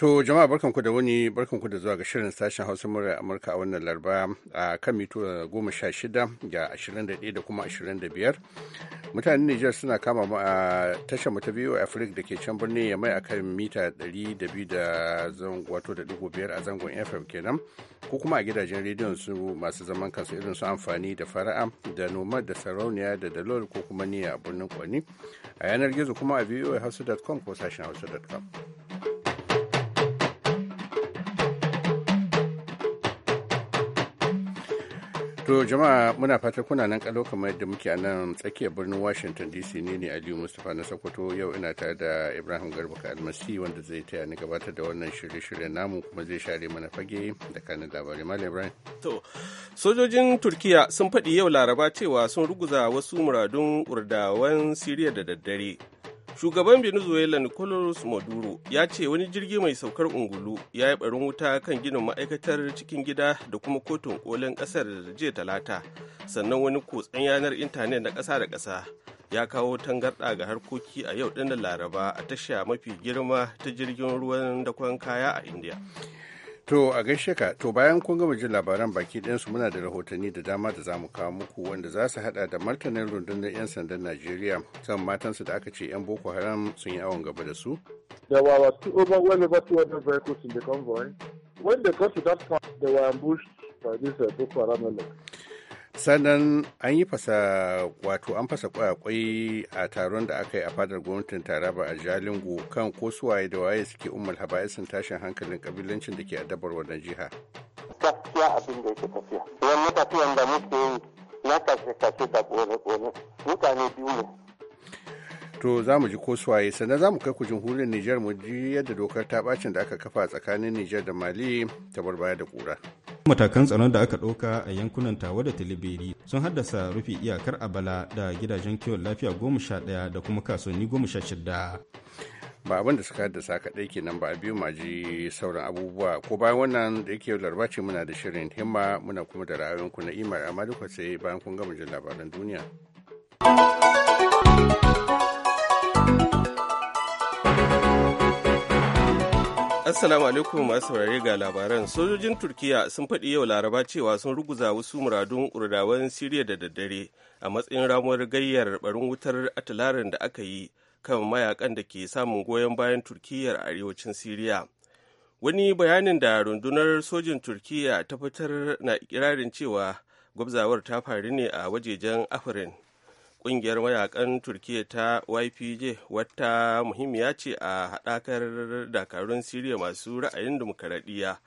To jama'a barkanku da wani ku da zuwa ga shirin sashen Hausa murar Amurka a wannan laraba a kan mito goma sha shida da ashirin da ɗaya da kuma ashirin da biyar. Mutanen Nijar suna kama ma a tashar mu ta biyu Afirka da ke can birnin ya mai akan mita ɗari da biyu da wato da ɗigo biyar a zangon FM kenan ko kuma a gidajen rediyon su masu zaman kansu irin su amfani da fara'a da noma da sarauniya da dalol ko kuma niya a birnin Kwani a yanar gizo kuma a hausa.com ko sashen hausa.com. To jama'a muna fata kuna nan kalo kamar yadda muke a nan tsakiyar birnin Washington DC ne ne Aliyu Mustapha na Sokoto yau ina tare da Ibrahim Garba Almasi wanda zai taya ni gabatar da wannan shirye-shirye namu kuma zai share mana fage da kanin labarai Malam Ibrahim. To sojojin Turkiya sun faɗi yau Laraba cewa sun ruguza wasu muradun urdawan Siriya da daddare. shugaban venezuela nicolas maduro ya ce wani jirgi mai saukar ungulu ya yi barin wuta kan ginin ma'aikatar cikin gida da kuma kotun kolin kasar jiya talata sannan wani kotsen yanar intanet na kasa da kasa ya kawo tangarɗa ga harkoki a yau ɗin da laraba a tasha mafi girma ta jirgin ruwan dakon kaya a india To a gaishe ka, to bayan kun gama jin labaran baki ɗinsu muna da rahotanni da dama da za mu kawo muku wanda za su haɗa da martanin rundunar 'yan sandan Najeriya kan matansu da aka ce 'yan Boko Haram sun yi awon gaba da su. There were two overwhelming about 200 vehicles in the convoy. When they got to that part, they were ambushed by this uh, Boko Haram sannan an yi fasa wato an fasa kwakwai a taron da aka yi a fadar gwamnatin taraba a jalingo kan ko suwaye da waye suke umar haba'isin tashin hankalin kabilancin da ke addabar wannan jiha gaskiya abin da yake tafiya wani tafiyan da muke yi na kashe kashe da ƙone-ƙone mutane biyu ne to za mu ji ko suwaye sannan za mu kai ku jamhuriyar Nijar mu ji yadda dokar ta bacin da aka kafa tsakanin Nijar da Mali ta bar baya da kura. Matakan tsaron da aka ɗauka a yankunan Tawa da Tilibiri sun haddasa rufe iyakar Abala da gidajen kiwon lafiya goma sha ɗaya da kuma kasuwanni goma sha shida. ba abin da suka haddasa kaɗai kenan ba a biyu ji sauran abubuwa ko bayan wannan da yake larba ce muna da shirin himma muna kuma da ra'ayoyinku na imar amma duka sai bayan kun gama jin labaran duniya. Assalamu alaikum masu saurare ga labaran. Sojojin Turkiya sun faɗi yau Laraba cewa sun ruguza wasu muradun urdawan Siriya da daddare a matsayin ramuwar gayyar barin wutar atalarin da aka yi kan mayakan da ke samun goyon bayan Turkiyyar a arewacin Siriya. Wani bayanin da rundunar sojin Turkiyya ta fitar na ikirarin cewa gwabzawar ta faru ne a wajejen Afirin kungiyar mayakan Turkiyya ta ypj wata muhimmiya ce a haɗakar dakarun siriya masu ra'ayin dimokuraɗiyya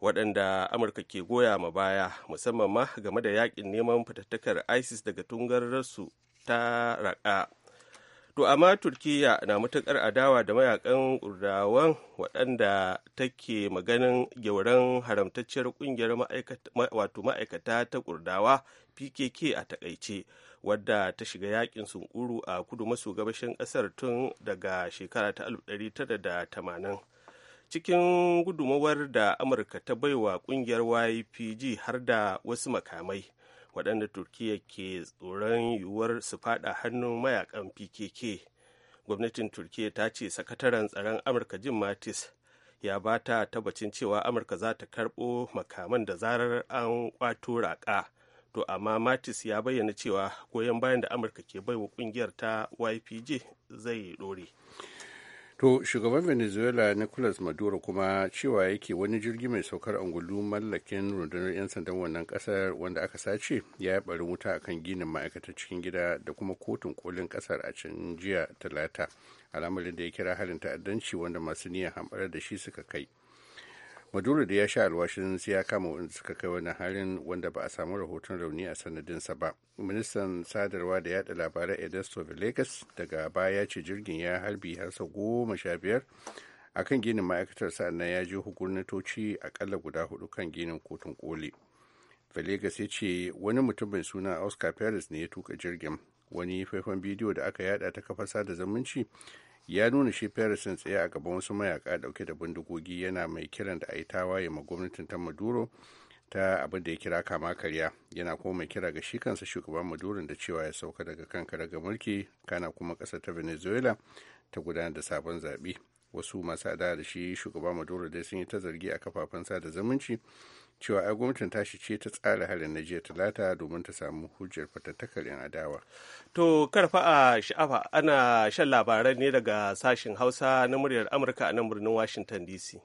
waɗanda amurka ke goya ma baya musamman ma game da yakin neman fitattakar isis daga tungararsu ta raƙa to amma Turkiyya na matuƙar adawa da mayakan kurdawan waɗanda take maganin gyauran haramtacciyar ƙungiyar wato ma'aikata ta ƙurdawa pkk a takaice wadda ta shiga yakin sunkuru a kudu maso gabashin kasar tun daga shekara ta alif da tamanin cikin gudumawar da amurka ta baiwa kungiyar ypg har da wasu makamai waɗanda turkiyya ke tsoron yiwuwar su fada hannun mayakan pkk gwamnatin turkiya ta ce sakataren tsaron amurka jim mattis ya ba ta tabbacin cewa amurka za ta karɓo makaman da zarar an kwato raƙa to amma matis ya bayyana cewa goyon bayan da amurka ke bai wa kungiyar ta ypg zai dore to shugaban venezuela nicolas maduro kuma cewa yake wani jirgi mai saukar angulu mallakin rundunar 'yan sandan wannan kasar wanda aka sace ya yi barin wuta a kan ginin ma'aikatar cikin gida da kuma kotun kolin kasar a can jiya talata al'amarin da ya kira halin ta'addanci wanda masu niyan hamɓarar da shi suka kai maduro da ya sha alwashin sai ya kama wanda suka kai wani halin wanda ba a samu rahoton rauni a sanadinsa ba ministan sadarwa da yada labarai edesto villegas daga baya ya ce jirgin ya harbi har sau goma sha biyar a kan ginin ma'aikatar sa'annan ya je hukurnatoci akalla guda hudu kan ginin kotun koli velegas ya ce wani mutum mai suna oscar perez ne ya tuka jirgin wani faifan bidiyo da aka yada ta kafar sada zumunci ya nuna shi Patterson tsaye a gaban wasu mayaka dauke da bindigogi yana mai kiran da a yi tawaye ma gwamnatin ta Maduro ta abin da ya kira kama karya yana kuma mai kira ga shi kansa shugaban Maduro da cewa ya sauka daga kan ga mulki kana kuma ƙasar ta Venezuela ta gudanar da sabon zaɓe wasu masu adawa da shi shugaban Maduro dai sun yi ta zargi a kafafen sada zumunci cewa a gwamnatin tashi ce ta tsara halin na jiya talata domin ta samu hujjar fatattakar yan adawa to karfa a sha'afa ana shan labaran ne daga sashen hausa na muryar amurka a nan birnin washington dc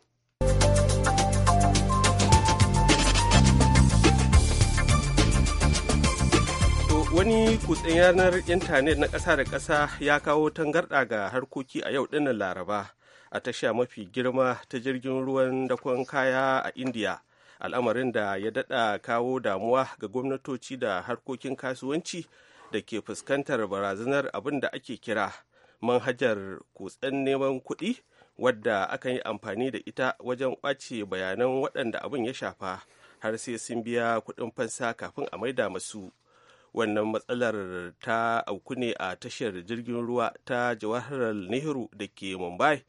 wani kutsen yanar intanet na ƙasa da ƙasa ya kawo tangarɗa ga harkoki a yau ɗinnan laraba a tasha mafi girma ta jirgin ruwan dakon kaya a indiya al'amarin da ya dada kawo damuwa ga gwamnatoci da harkokin kasuwanci da ke fuskantar barazanar abin da ake kira manhajar kutsen neman kuɗi wadda aka yi amfani da ita wajen ɓace bayanan waɗanda abin ya shafa har sai sun biya kuɗin fansa kafin a maida masu wannan matsalar ta auku ne a tashar jirgin ruwa ta jawaharar nehru da ke mumbai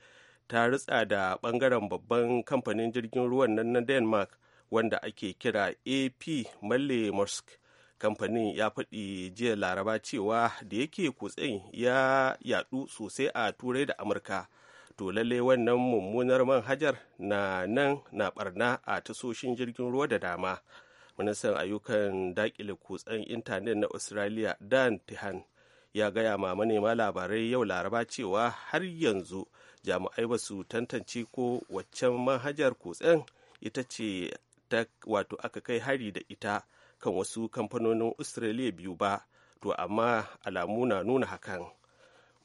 ta ritsa da ɓangaren babban kamfanin jirgin ruwan nan na denmark wanda ake kira ap malle musk kamfanin ya faɗi jiya laraba cewa da yake kutsen ya yadu sosai a turai da amurka to lalle wannan mummunar manhajar na nan na barna a tasoshin jirgin ruwa da dama ministan ayyukan dakile kutsen intanet na australia dan tihan ya gaya ma manema labarai yau laraba cewa har yanzu jami'ai ba su tantance ko waccan manhajar kutsen ita ce ta wato aka kai hari da ita kan wasu kamfanonin australia biyu ba to amma alamu na nuna hakan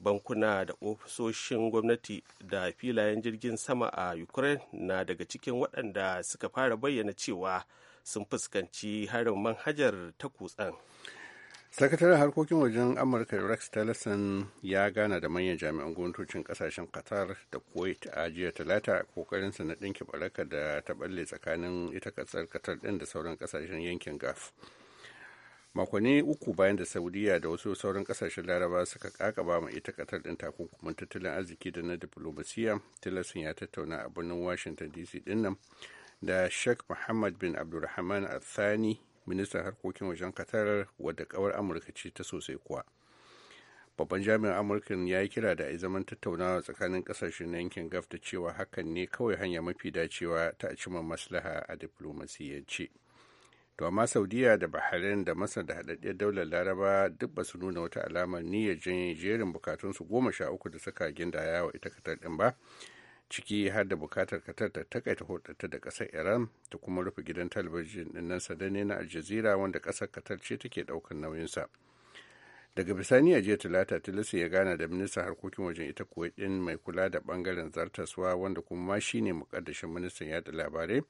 bankuna da ofisoshin gwamnati da filayen jirgin sama a ukraine na daga cikin waɗanda suka fara bayyana cewa sun fuskanci harin manhajar ta kutsen sakataren harkokin wajen amurka rex tillerson ya gana da manyan jami'an gwamnatocin kasashen qatar da kuwait a jiya talata kokarinsa na ɗinki baraka da ta tsakanin ita kasar qatar ɗin da sauran kasashen yankin gaf makonni uku bayan da saudiya da wasu sauran kasashen laraba suka kakaba wa ita qatar ɗin takunkumin tattalin arziki da na diplomasiya tillerson ya tattauna a birnin washington dc ɗin da sheikh muhammad bin abdulrahman al ministan harkokin wajen qatar wadda kawar amurka ce ta sosai kuwa babban jami'in amurka ya yi kira da a zaman tattaunawa tsakanin kasashen yankin gaf da cewa hakan ne kawai hanya mafi dacewa ta cimma maslaha a diflomasiyance to amma saudiya da bahrain da masar da haɗaɗɗiyar daular laraba duk ba su nuna wata alamar niyyar jerin bukatunsu goma sha uku da suka gindaya wa ita katar ɗin ba ciki har da bukatar katar da takaita hudata da kasar iran ta kuma rufe gidan talabijin din nan na aljazira wanda kasar katar ce take nauyin nauyinsa daga bisani a jiya talata tilisi ya gana da ministan harkokin wajen ita kuwa din mai kula da bangaren zartaswa wanda kuma shine mukaddashin ministan yada labarai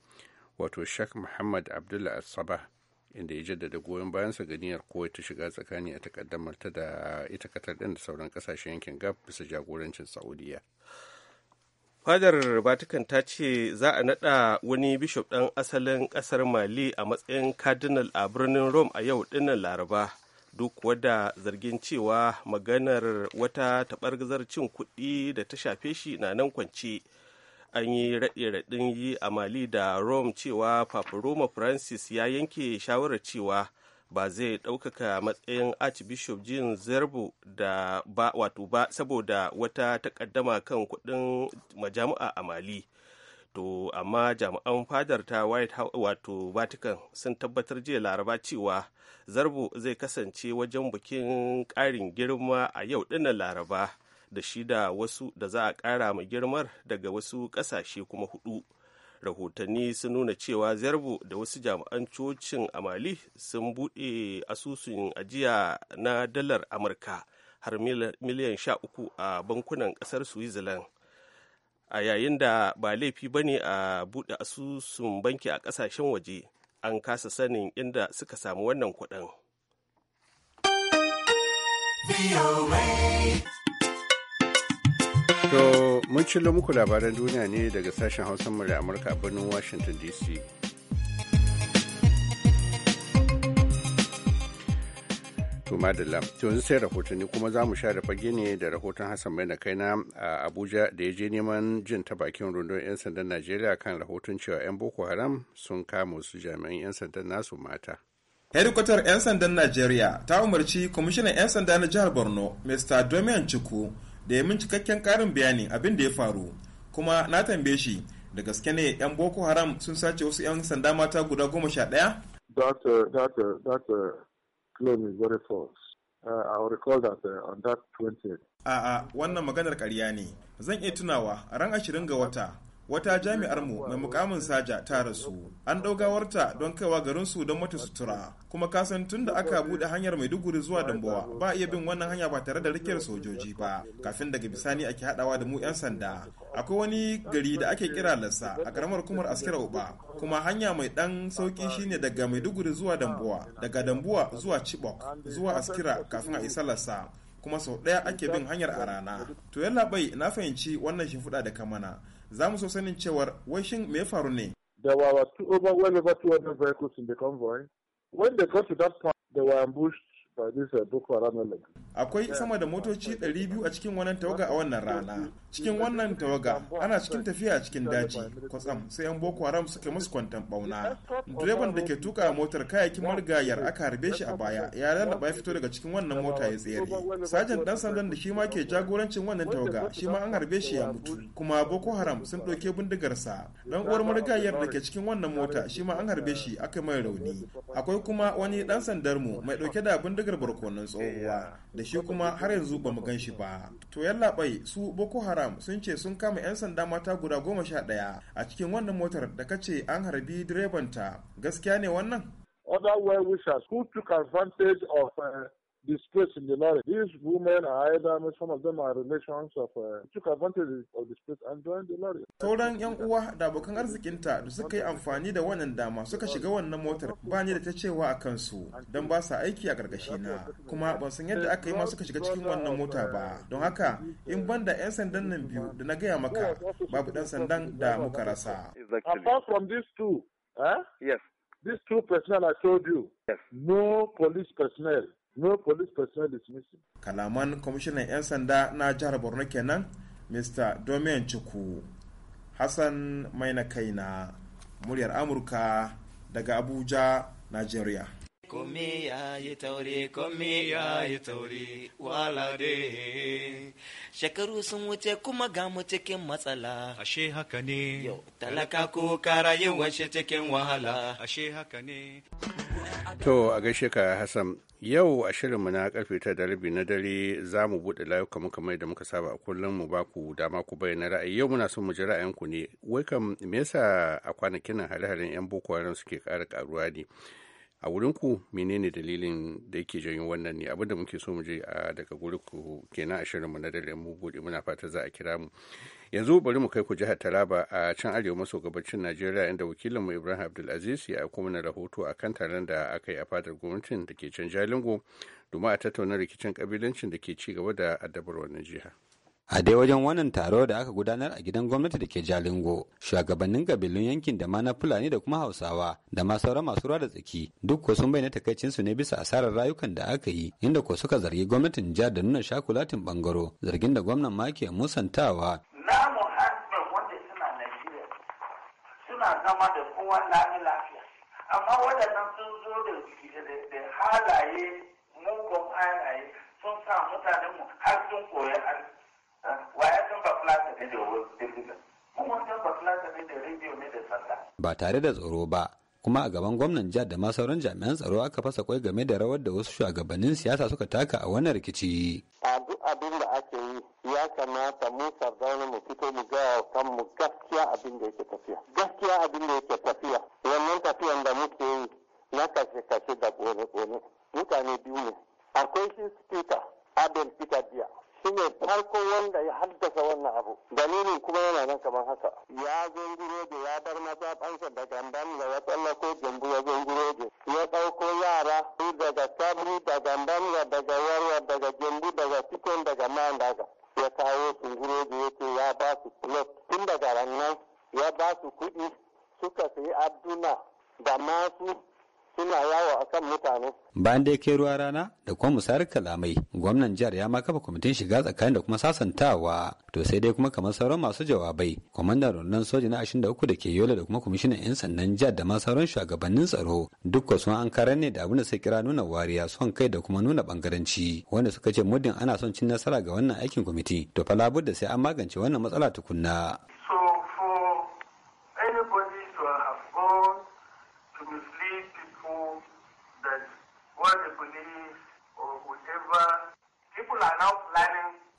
wato shak muhammad abdullah asaba inda ya jaddada goyon bayansa ga niyyar kowai ta shiga tsakani a takaddamar ta da ita katar din da sauran kasashen yankin gab bisa jagorancin saudiya fadar vatican ta ce za a nada wani bishop ɗan asalin ƙasar mali a matsayin cardinal a birnin rome a yau dinnan laraba duk wadda zargin cewa maganar wata taɓargazar cin kuɗi da ta shafe shi na nan kwance an yi raɗe-raɗin yi a mali da rome cewa papa roma francis ya yanke shawarar cewa ba zai ɗaukaka matsayin archbishop jin zerbo da ba wato ba saboda wata takaddama kan kuɗin majami'a a mali to amma jami'an fadar ta white house wato vatican sun tabbatar jiya laraba cewa zarbo zai kasance wajen bikin ƙarin girma a yau dinnan laraba da shi da wasu da za a ƙara ma girmar daga wasu ƙasashe kuma hudu rahotanni sun nuna cewa zerbo da wasu jami'an cocin a mali sun buɗe asusun ajiya na dalar amurka har miliyan sha uku a bankunan ƙasar switzerland a yayin da ba laifi ba ne a buɗe asusun banki a ƙasashen waje an kasa sanin inda suka samu wannan kuɗin. To mun cillo muku labaran duniya ne daga sashen Hausa a Amurka a birnin Washington DC. To madalla, to yanzu sai rahotanni kuma za mu sha da fage ne da rahoton Hassan mai na kaina a Abuja da ya je neman jin ta bakin rundun 'yan sandan Najeriya kan rahoton cewa 'yan Boko Haram sun kama su jami'an 'yan sandan nasu mata. Hedikwatar 'yan sandan Najeriya ta umarci kwamishinan 'yan sanda na jihar Borno, Mr. Domian Chukwu, da ya min cikakken karin bayani abin da ya faru kuma na tambaye shi da gaske ne 'yan boko haram sun sace wasu 'yan sanda mata guda goma sha ɗaya? dr dr dr claim is very false. Uh, recall that uh, on that 20. A'a, wannan maganar ƙarya ne. Zan iya tunawa a ran ashirin ga wata wata jami'ar mu mai mukamin saja ta rasu an daugawarta don kaiwa garin su don mata sutura kuma kasan tun da aka buɗe hanyar maiduguri zuwa dambowa ba iya bin wannan hanya ba tare da rikiyar sojoji ba kafin daga bisani ake hadawa da mu yan sanda akwai wani gari da ake kira lassa a karamar kumar askira uba kuma hanya mai dan sauki shine daga maiduguri zuwa dambowa daga dambowa zuwa chibok zuwa askira kafin a isa lassa kuma sau ɗaya ake bin hanyar a rana to yalla bai na fahimci wannan shimfiɗa da kamana za mu so sanin cewar washin mai me faru ne there were two over well two 200 vehicles in the convoy when they got to that point they were ambushed Akwai sama da motoci 200 a cikin wannan tawaga a wannan rana. Cikin wannan tawaga ana cikin tafiya a cikin daji kwatsam sai yan Boko Haram suka musu kwantan bauna. Direban da ke tuka motar kayakin marigayar aka harbe shi a baya ya lalaba ya fito daga cikin wannan mota ya tsere. Sajan dan sandan da shi ma ke jagorancin wannan tawaga shi ma an harbe shi ya mutu. Kuma Boko Haram sun ɗauke bindigarsa. Dan uwar marigayar da ke cikin wannan mota shi ma an harbe shi aka mai rauni. Akwai kuma wani dan sandar mu mai ɗauke da bindigar bindigar barkonon tsohuwa da shi kuma har yanzu ba mu gan shi ba to yallaɓai su boko haram sun ce sun kama 'yan sanda mata guda goma sha ɗaya a cikin wannan motar da ka ce an harbi direban ta, gaskiya ne wannan other well wishers who took advantage of uh, displaced in the lorry. These women are either, some of them are relations of, uh, took advantage of space and joined the lorry. Sauran 'yan uwa da abokan arzikinta da suka yi amfani da wannan dama suka shiga wannan motar ba ni da ta cewa a kansu don ba sa aiki a gargashi na kuma ban san yadda aka yi ma suka shiga cikin wannan mota ba don haka in ban da 'yan sandan nan biyu da na gaya maka babu dan sandan da muka rasa. Apart from these two, eh? yes. these two personnel I told you, yes. no police personnel no police personnel missing. Kalaman kwamishinan 'yan sanda na jihar Borno kenan, Mr. Domen chuku Hassan Maina Kaina, muryar Amurka daga Abuja, Nigeria. Kome ya yi taure, kome ya yi taure, wala Shekaru sun wuce kuma ga mu cikin matsala. Ashe haka ne. talaka ko kara yin washe cikin wahala. Ashe haka ne. To, a gaishe ka Hassan, yau a shirinmu na karfe ta dalibi na dare za mu buɗe layuka muka mai da muka saba a kullum mu ba ku dama ku bayyana ra'ayi yau muna son mu ji ra'ayinku ne wai kam me yasa a kwanakin nan hare-haren 'yan boko haram suke ƙara ƙaruwa ne a wurin ku menene dalilin da yake janyo wannan ne abinda muke so mu je a daga gurinku kenan a shirin mu na dare mu bude muna fata za a kira mu yanzu bari mu kai ku jihar Taraba a can arewa maso gabacin Najeriya inda wakilin mu Ibrahim Abdulaziz ya aiko mana rahoto akan taron da aka yi a fadar gwamnatin da ke can Jalingo domin a tattauna rikicin kabilancin da ke ci gaba da addabar wannan jiha. a dai wajen wannan taro da aka gudanar a gidan gwamnati da ke jalingo shugabannin kabilun yankin da ma na fulani da kuma hausawa da ma sauran masu ruwa da tsaki duk ko sun bayyana takaicinsu ne bisa asarar rayukan da aka yi inda ko suka zargi gwamnatin jihar da nuna shakulatin bangaro zargin da gwamnan ma ke musantawa namu zama da kowa lami lafiya amma waɗannan sun zo da halaye mugun halaye sun sa mutanenmu har sun Ba tare da tsoro ba, kuma a gaban gwamnan jihar da ma sauran jami'an tsaro aka fasa kwai game da rawar da wasu shugabannin siyasa suka taka a wannan rikici. A duk abin da ake yi ya kamata mu sardauna mu fito mu gaya kanmu gaskiya abin da yake tafiya. Gaskiya abin da bayan da ya kai ruwa rana da kuma musayar kalamai gwamnan jihar ya ma kafa kwamitin shiga tsakanin da kuma sasantawa to sai dai kuma kamar sauran masu jawabai kwamandan rundunar soja na 23 da ke yola da kuma kwamishinan 'yan sannan jihar da ma sauran shugabannin tsaro duk sun an karar ne da abin da sai kira nuna wariya son kai da kuma nuna bangaranci wanda suka ce muddin ana son cin nasara ga wannan aikin kwamiti to fa da sai an magance wannan matsala tukunna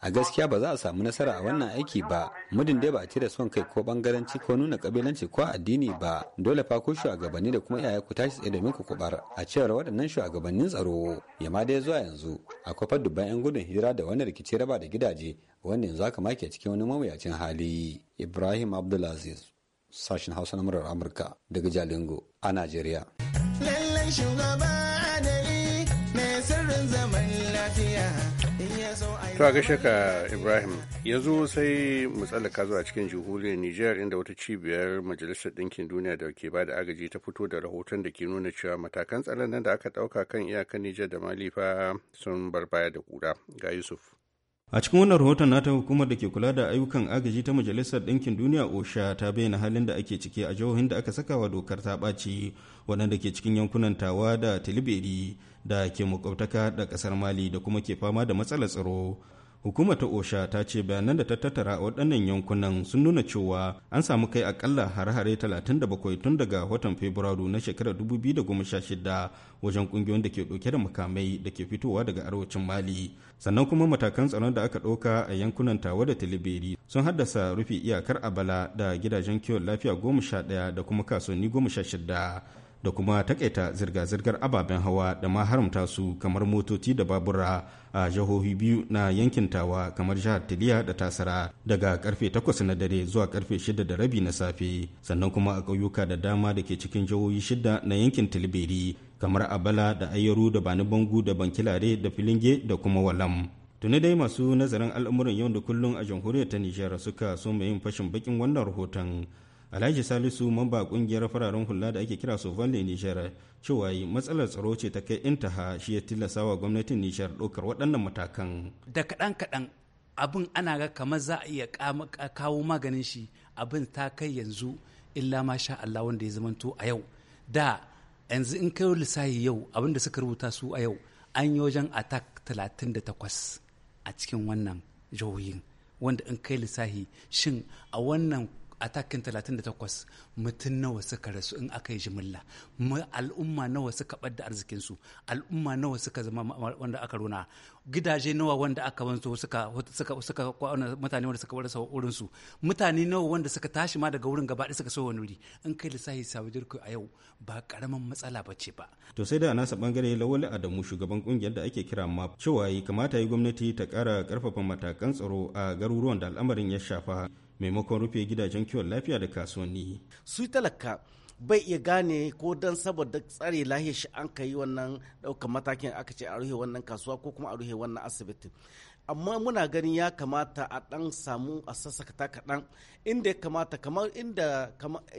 a gaskiya ba za a samu nasara a wannan aiki ba mudin dai ba a cire son kai ko bangaranci ko nuna kabilanci ko addini ba dole fa ku shugabanni da kuma iyaye ku tashi tsaye domin ku kubar a cewar waɗannan shugabannin tsaro yamma dai zuwa yanzu akwai fadu dubban yan gudun hira da wani rikici raba da gidaje wanda yanzu haka make cikin wani mawuyacin hali ibrahim abdulaziz sashen hausa na murar amurka daga jalingo a najeriya lallai shugaba adali mai sirrin zama To a gashe ka Ibrahim yanzu sai mu tsallaka zuwa cikin jihuriyar Nijar inda wata cibiyar Majalisar Ɗinkin Duniya da ke bada agaji ta fito da rahoton da ke nuna cewa matakan tsaron da aka ɗauka kan iyakan Nijar da Mali sun bar baya da kura ga Yusuf. a cikin wannan rahoton nata hukumar da ke kula da ayyukan agaji ta majalisar ɗinkin duniya osha ta bayyana halin da ake ciki a jihohin da aka saka wa dokar ta ɓaci waɗanda ke cikin yankunan tawa da tilibiri da ke makwabtaka da ƙasar mali da kuma ke fama da matsalar tsaro hukumar ta osha ta ce bayanan da ta tattara a waɗannan yankunan sun nuna cewa an samu kai akalla hare-hare 37 tun daga watan fabrairu na shekarar 2016 wajen ƙungiyoyin da ke ɗauke da makamai da ke fitowa daga arewacin mali sannan kuma matakan tsaron da aka ɗauka a yankunan tawa da tilibiri sun haddasa rufe iyakar abala da gidajen kiwon lafiya 11 da kuma kasuwanni 16 da kuma takaita zirga-zirgar ababen hawa da ma haramta su kamar motoci da babura a jihohi biyu na yankin tawa kamar jihar tiliya da tasara daga karfe 8 na dare zuwa karfe 6 da rabi na safe sannan kuma a ƙauyuka da dama da ke cikin jihohi shida na yankin tilberi kamar abala da ayyaru da bani bangu da bankilare da filinge da kuma walam tuni dai masu nazarin al'amuran yau da kullum a jamhuriyar ta nijar suka so yin fashin bakin wannan rahoton alhaji salisu mamba kungiyar fararen hula da ake kira su valle nijar cewa matsalar tsaro ce ta kai intaha shi ya tilasta wa gwamnatin nijar ɗaukar waɗannan matakan da kaɗan kaɗan abin ana ga kamar za a iya kawo maganin shi abin ta kai yanzu illa ma sha Allah wanda ya zamanto a yau da yanzu in kai lissahi yau abin da suka rubuta su a yau an yi wajen attack 38 a cikin wannan jihohin wanda in kai lissahi shin a wannan atakin 38 mutum nawa suka rasu in aka yi jimilla al'umma nawa suka da arzikinsu al'umma nawa suka zama wanda aka rona gidaje nawa wanda aka wanto suka suka mutane wanda suka warasa wurin mutane nawa wanda suka tashi ma daga wurin gaba suka so wani in kai lissafi sabijirku a yau ba karaman matsala ba ce ba to sai da anasa bangare lawali adamu shugaban kungiyar da ake kira map cewa kamata yi gwamnati ta kara karfafa matakan tsaro a garuruwan da al'amarin ya shafa maimakon rufe gidajen kiwon lafiya da kasuwanni su talaka bai iya gane ko don saboda tsare lahiyar shi an ka yi wannan ɗaukar matakin aka ce a rufe wannan kasuwa ko kuma a rufe wannan asibitin amma muna ganin ya kamata a ɗan samu a sassakata kaɗan inda ya kamata kamar inda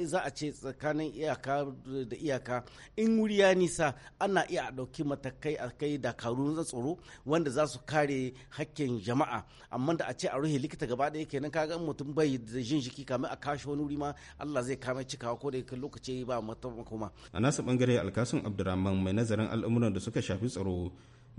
za a ce tsakanin iyaka da iyaka in wuri ya nisa ana iya a ɗauki matakai a kai dakaru na tsoro wanda za su kare hakkin jama'a amma da a ce a ruhe likita gaba ɗaya kenan kaga mutum bai da jin jiki kamar a kashe wani wuri ma Allah zai kame cikawa ko da lokaci ba mata makoma a nasa bangare alkasun abdurrahman mai nazarin al'amuran da suka shafi tsaro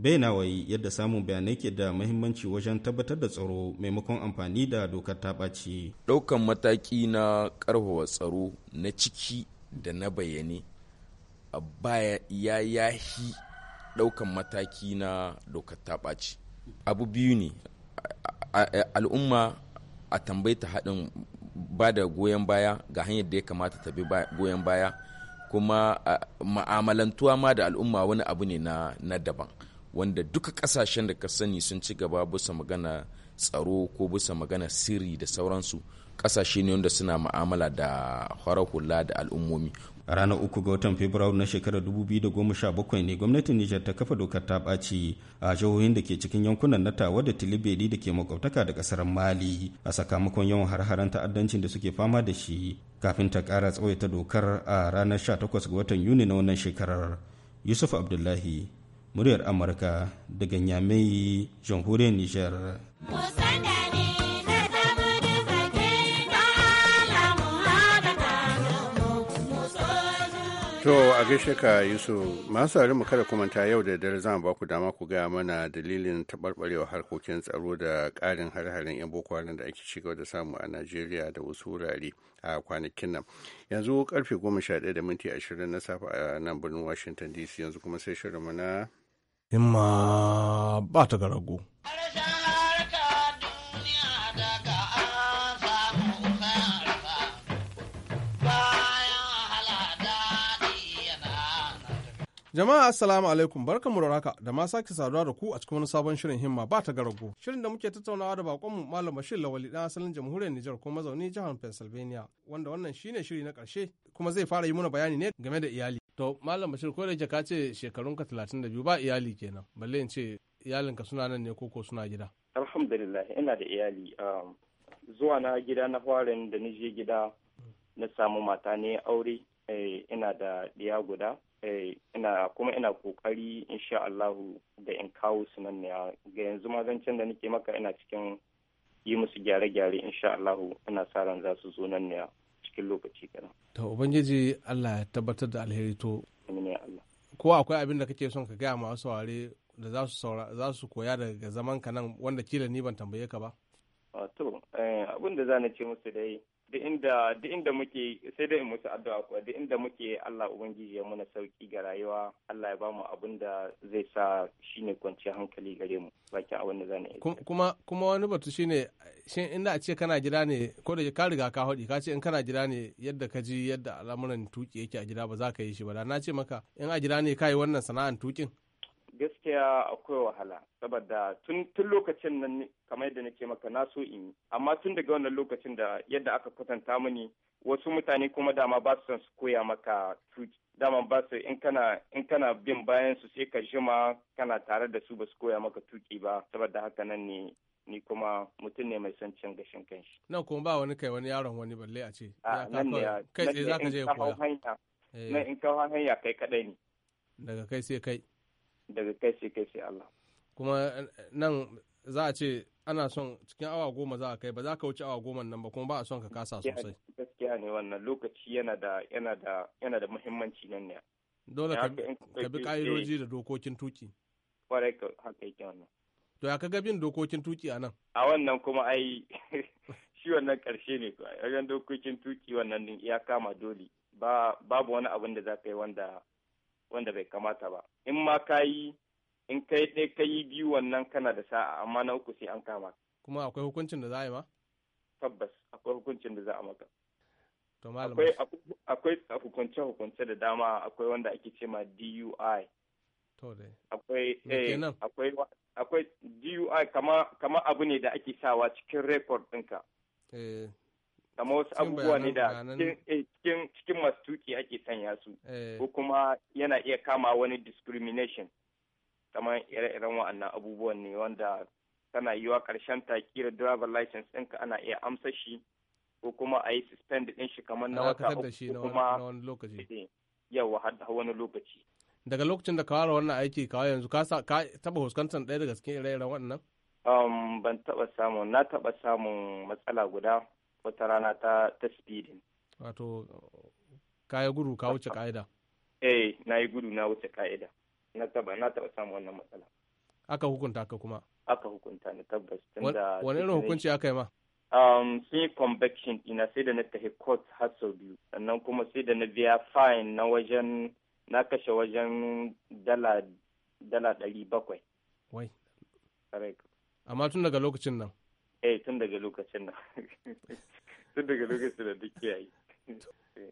wai yadda samun bayanai ke da mahimmanci wajen tabbatar da tsaro maimakon amfani da dokar ta ɓaci. ɗaukan mataki na ƙarfafa tsaro na ciki da na bayyane a baya ya yahi ɗaukan mataki na dokar ta abu biyu ne al'umma a tambaita haɗin ba da goyon baya ga hanyar da ya kamata ta bi goyon baya kuma ma'amalantuwa ma da al'umma wani abu ne na daban wanda duka kasashen da ka sani sun ci gaba bisa magana tsaro ko bisa magana sirri da sauransu kasashe ne wanda suna ma'amala da hara hula da al'ummomi ranar uku ga watan fabrairu na shekarar 2017 ne gwamnatin nijar ta kafa dokar ta ɓaci a jihohin da ke cikin yankunan na tawa da tilibeli da ke makwabtaka da ƙasar mali a sakamakon yawan har-haren ta'addancin da suke fama da shi kafin ta ƙara tsawaita dokar a ranar 18 ga watan yuni na wannan shekarar yusuf abdullahi muryar amurka daga nyamai jamhuriyar nijar To a gaishe ka yusu masu mu kada kumanta yau da dare zan ba ku dama ku gaya mana dalilin taɓarɓarewa harkokin tsaro da ƙarin har 'yan boko haram da ake cigaba da samu a Najeriya da wasu wurare a kwanakin nan. Yanzu karfe 11 da minti 20 na safe a nan birnin Washington DC yanzu kuma sai shirin na himma ba ta garago. Jama'a assalamu alaikum barkanmu da raka da ma sake saduwa da ku a cikin wani sabon shirin himma ba ta garago. Shirin da muke tattaunawa da bakonmu Malam Bashir Lawali dan asalin jamhuriyar Nijar ko mazauni jihar Pennsylvania wanda wannan shine shiri na karshe kuma zai fara yi muna bayani ne game da iyali. to malam bashir ko da yake ka ce shekarunka talatin da biyu ba iyali kenan balle in ce iyalinka suna nan ne koko suna gida alhamdulillah ina da iyali um, zuwa na gida na farin da na je gida na samu mata ne aure eh, ina da ɗiya guda eh, ina kuma ina kokari insha Allahu da in kawo su nan ne ga yanzu can da nake maka ina cikin yi musu gyare-gyare insha Allahu ina sa ran za su zo nan ne cikin lokaci to ubangiji allah ya tabbatar da alheri to ko akwai abin da kake son ka gaya ma wasu saurare da za su koya daga zaman ka nan wanda kila ni ban tambaye ka ba. wato eh, abin da za na ce musu dai duk inda muke sai dai musu addu'a kuwa duk inda muke Allah ubangiji ya muna sauki ga rayuwa Allah ya ba mu abin da zai sa shine kwanci hankali gare mu baki a wanda zan kuma kuma wani batu shine shin inda a ce kana gida ne ko da ka riga ka hodi ka ce in kana gida ne yadda ka ji yadda al'amuran tuki yake a gida ba za ka yi shi ba da na ce maka in a gida ne ka yi wannan sana'an tukin gaskiya akwai wahala saboda tun tun lokacin nan kamar yadda nake maka na so in yi amma tun daga wannan lokacin da yadda aka kwatanta mini wasu mutane kuma dama ba su son su koya maka tuki dama ba su in kana in kana bin bayan su sai ka jima kana tare da su ba su koya maka tuki ba saboda haka nan ne ni kuma mutum ne mai son cin gashin kanshi nan kuma ba wani kai wani yaron wani balle a ce kai tsaye ka je koya eh. na in kawo hanya kai kadai ne daga kai sai kai daga kai kashe Allah kuma nan za a ce ana son cikin awa goma za a kai ba za ka wuce awa goma nan ba kuma ba a son ka kasa sosai gaskiya ne wannan lokaci yana da yana da yana da muhimmanci nan ne dole ka bi ka'idoji da dokokin tuki kwarai ka haka yake wannan to ya ka ga bin dokokin tuki a nan a wannan kuma ai shi wannan karshe ne wajen dokokin tuki wannan ya kama dole ba babu wani abin da za ka yi wanda wanda bai kamata ba in ma ka yi in kai ɗai ka yi biyu wannan kana da sa'a amma na uku sai an kama kuma akwai hukuncin da za a yi ma tabbas akwai hukuncin da za a maka akwai akwai hukunce hukunce da dama akwai wanda ake ce ma DUI akwai eh, akwai akwai DUI kama kama abu ne da ake sawa cikin record ɗinka eh. kamar wasu abubuwa ne da eh, cikin masu tuki ake sanya su eh. ko kuma yana iya kama wani discrimination kamar ire-iren wa'annan abubuwan ne wanda tana yiwa karshen takirar driver license ɗinka ana iya amsa shi ko kuma a yi suspend ɗin shi kamar na wata uku ko kuma eh, yawa har wani lokaci daga lokacin da kawara wannan aiki kawai yanzu ka taba fuskantar ɗaya daga cikin ire-iren wannan um, ban taba samun na taba samun matsala guda wata rana ta ta speeding wato yi gudu ka wuce ka'ida eh na yi gudu na wuce ka'ida na taba na taba samun wannan matsala aka hukunta ka kuma aka hukunta na tabbas wani irin hukunci aka yi ma um, sun yi convection ina sai da na tafi court har sau biyu sannan kuma sai da na biya fine na wajen na kashe wajen dala dala ɗari bakwai wai amma tun daga lokacin nan eh tun daga lokacin nan tun daga lokacin da duk yayi shi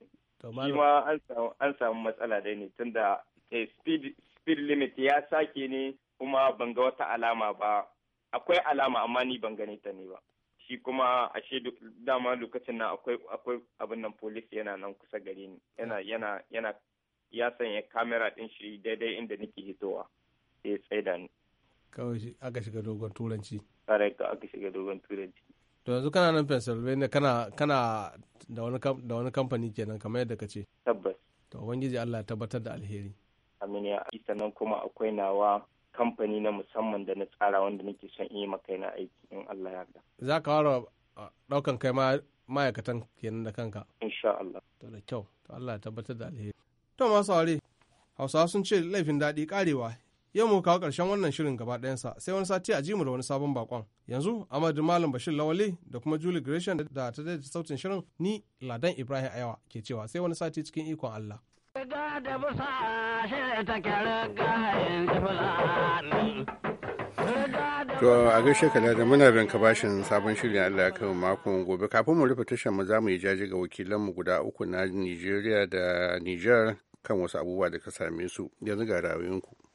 an samu matsala dai ne tun da eh, speed limit ya sake ne kuma ban ga wata alama ba akwai alama amma ni ban gane ta ne ba shi kuma ashe dama lokacin nan akwai akwai abin nan police yana nan kusa gare ni yana ah. yana yana ya sanya kamera din shi daidai inda nake hitowa sai da ni kawai aka shiga dogon turanci tare ka aka shiga dogon turanci to yanzu kana nan Pennsylvania kana kana da wani kamfani kenan kamar yadda ka ce tabbas to ubangiji Allah ya tabbatar da alheri amin ya sannan kuma akwai nawa kamfani na musamman da na tsara wanda nake son yi ma kaina aiki in Allah ya ga za ka fara daukan kai ma ma'aikatan kenan da kanka insha Allah to da kyau to Allah ya tabbatar da alheri to masu aure Hausawa sun ce laifin daɗi ƙarewa yau mu kawo ƙarshen wannan shirin gaba ɗayansa sai wani sati a jimu da wani sabon bakon yanzu amadu malam bashir lawale da kuma julie gresham da ta daidaita sautin shirin ni ladan ibrahim ayawa ke cewa sai wani sati cikin ikon allah To a gaishe ka da muna ranka bashin sabon shirin Allah kan makon gobe kafin mu rufe tashar mu mu yi jaji ga mu guda uku na Nigeria da Niger kan wasu abubuwa da ka same su yanzu ga rayuwarku.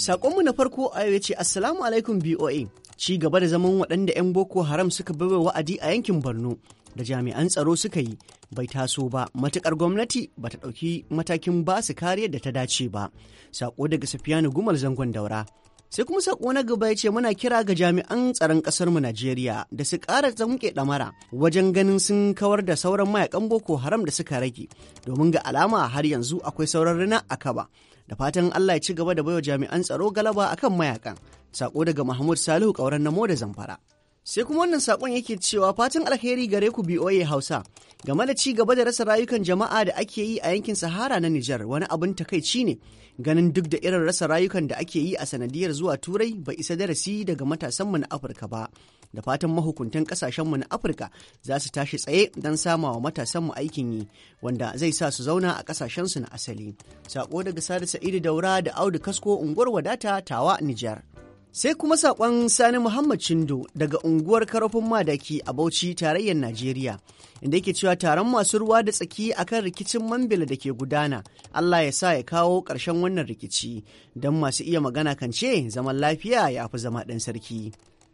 saƙonmu na farko a yau ce Assalamu alaikum BOA. Ci gaba da zaman waɗanda 'yan Boko Haram suka bai wa'adi a yankin Borno da jami'an tsaro suka yi bai taso ba matuƙar gwamnati ba ta ɗauki matakin ba su kariyar da ta dace ba. saƙo daga Safiyanu Gumal zangon daura. Sai kuma sako na gaba ya ce muna kira ga jami'an tsaron mu Najeriya da su ƙara tsamke ɗamara wajen ganin sun kawar da sauran mayakan Boko Haram da suka rage domin ga alama har yanzu akwai sauran rina a kaba. Da fatan Allah ya ci gaba da baiwa jami'an tsaro galaba akan mayakan. Sako daga Mahmud Salihu ƙauren namo da zamfara. Sai kuma wannan saƙon yake cewa fatan alheri gare ku BOA Hausa game da ci gaba da rasa rayukan jama'a da ake yi a yankin Sahara na Nijar wani abin takaici ne ganin duk da irin rasa rayukan da ake yi a sanadiyar zuwa Turai bai isa darasi daga matasanmu na Afirka ba. Da fatan mahukuntan kasashenmu na Afirka za su tashi tsaye don samawa matasanmu aikin yi wanda zai sa su zauna a su na asali. saƙo daga sada Sa'idu Daura da Audu Kasko unguwar wadata tawa Nijar. Sai kuma saƙon Sani Muhammad Chindo daga unguwar karafin madaki a Bauchi tarayyar Najeriya, inda yake cewa taron masu ruwa da tsaki akan rikicin mambila da ke gudana, Allah ya sa ya kawo ƙarshen wannan rikici, don masu iya magana kan ce zaman lafiya ya fi zama ɗan sarki.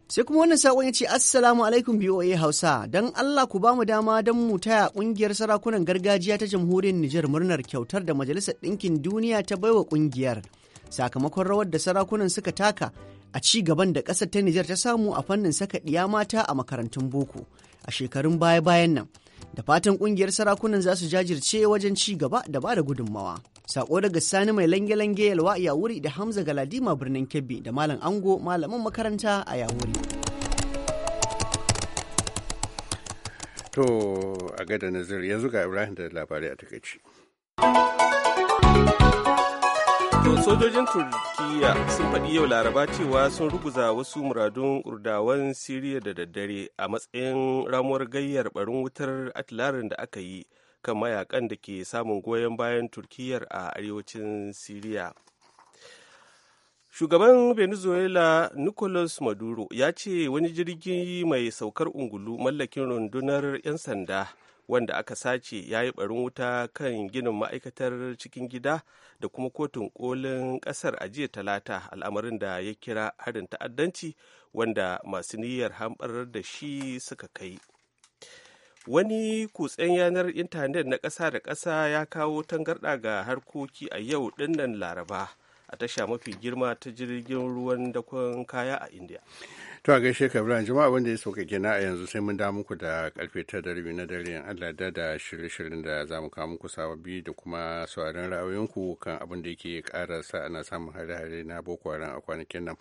Sai kuma wannan saƙon ya ce Assalamu alaikum BOA Hausa don Allah ku ba mu dama don mu taya ƙungiyar sarakunan gargajiya ta jamhuriyar Nijar murnar kyautar da Majalisar Ɗinkin Duniya ta baiwa ƙungiyar. Sakamakon rawar da sarakunan suka taka a ci gaban da ƙasar ta Nijar ta samu a fannin saka ɗiya mata a makarantun boko a shekarun baya-bayan nan. Da fatan ƙungiyar sarakunan za su jajirce wajen ci gaba da ba da gudunmawa. Sako daga Sani mai lange-lange yalwa a Yawuri da Hamza Galadima birnin Kebbi da Malam Ango malamin makaranta a Yawuri. To a gada Nazir yanzu ga Ibrahim da labarai a takaici. To sojojin Turkiyya sun faɗi yau laraba cewa sun ruguza wasu muradun kurdawan Siriya da daddare a matsayin ramuwar gayyar barin wutar atilarin da aka yi kan mayakan da ke samun goyon bayan Turkiyyar a arewacin Siriya. Shugaban Venezuela Nicolas Maduro ya ce wani jirgi mai saukar ungulu mallakin rundunar 'yan sanda. wanda aka sace ya yi barin wuta kan ginin ma'aikatar cikin gida da kuma kotun kolin kasar a jiya talata al'amarin da ya kira harin ta'addanci wanda masu niyyar hamɓarar da shi suka kai wani kutsen yanar intanet na ƙasa da ƙasa ya kawo tangarɗa ga harkoki a yau dinnan laraba a tasha mafi girma ta jirgin ruwan dakon kaya a india To a gaishe ka Ibrahim jama'a wanda ya sauka gina a yanzu sai mun da muku da karfe ta da rabi na dare in Allah da da shirye-shiryen da za mu kawo muku biyu da kuma sauraron ra'ayoyinku kan abin da yake kara sa ana samun hare-hare na Boko Haram a kwanakin nan.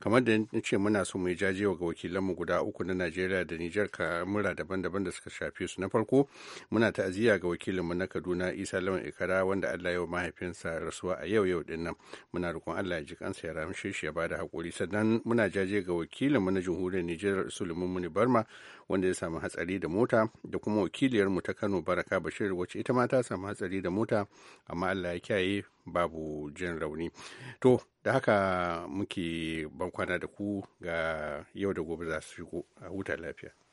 Kamar da ce muna so mu yi jajewa ga wakilanmu guda uku na Najeriya da Nijar ka mura daban-daban da suka shafe su. Na farko muna ta'aziyya ga wakilinmu na Kaduna Isa Lawan Ikara wanda Allah ya mahaifinsa rasuwa a yau yau dinnan Muna roƙon Allah ya ji kansa ya ramshe shi ya bada haƙuri. Sannan muna jaje ga wakilinmu mu na jamhuriyar Nijar Suleiman Muni Barma wanda ya samu hatsari da mota da kuma wakiliyar mu ta Kano Baraka Bashir wacce ita ma ta samu hatsari da mota amma Allah ya kiyaye babu jin rauni. To da haka muke bankwana da ku ga yau da gobe za su shigo a huta lafiya.